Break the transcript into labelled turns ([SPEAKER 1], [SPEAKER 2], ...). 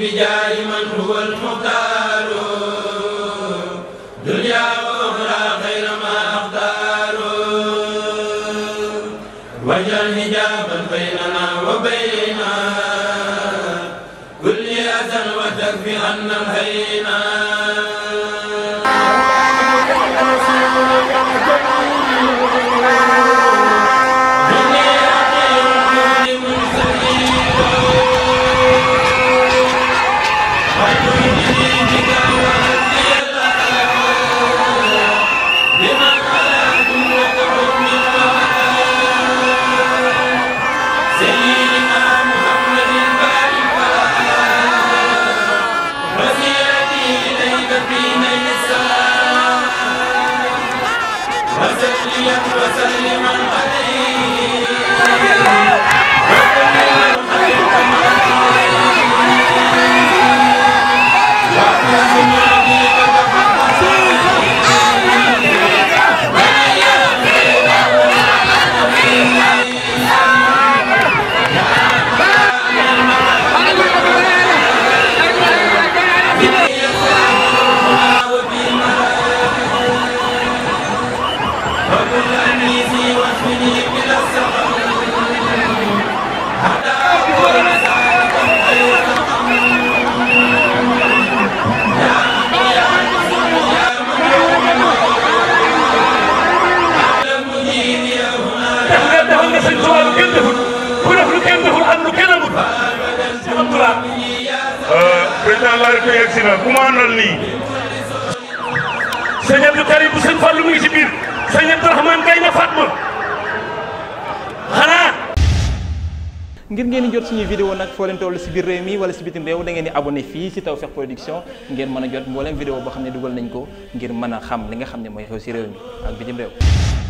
[SPEAKER 1] بجاه من هو المختار دنيا وأخرى خير ما أختار واجعل حجابا بيننا وبين كل أذى وتكفي عنا الهينا président ngi si biir sëñ ngir ngeen jot suñuy vidéo nag foo leen toll si biir réew mi wala si bitim réew da ngeen di ne fii si Tawfekh Production ngeen mën a jot mbooleem vidéo boo xam ne dugal nañ ko ngir mën a xam li nga xam ne mooy xew si réew mi ak bitim réew.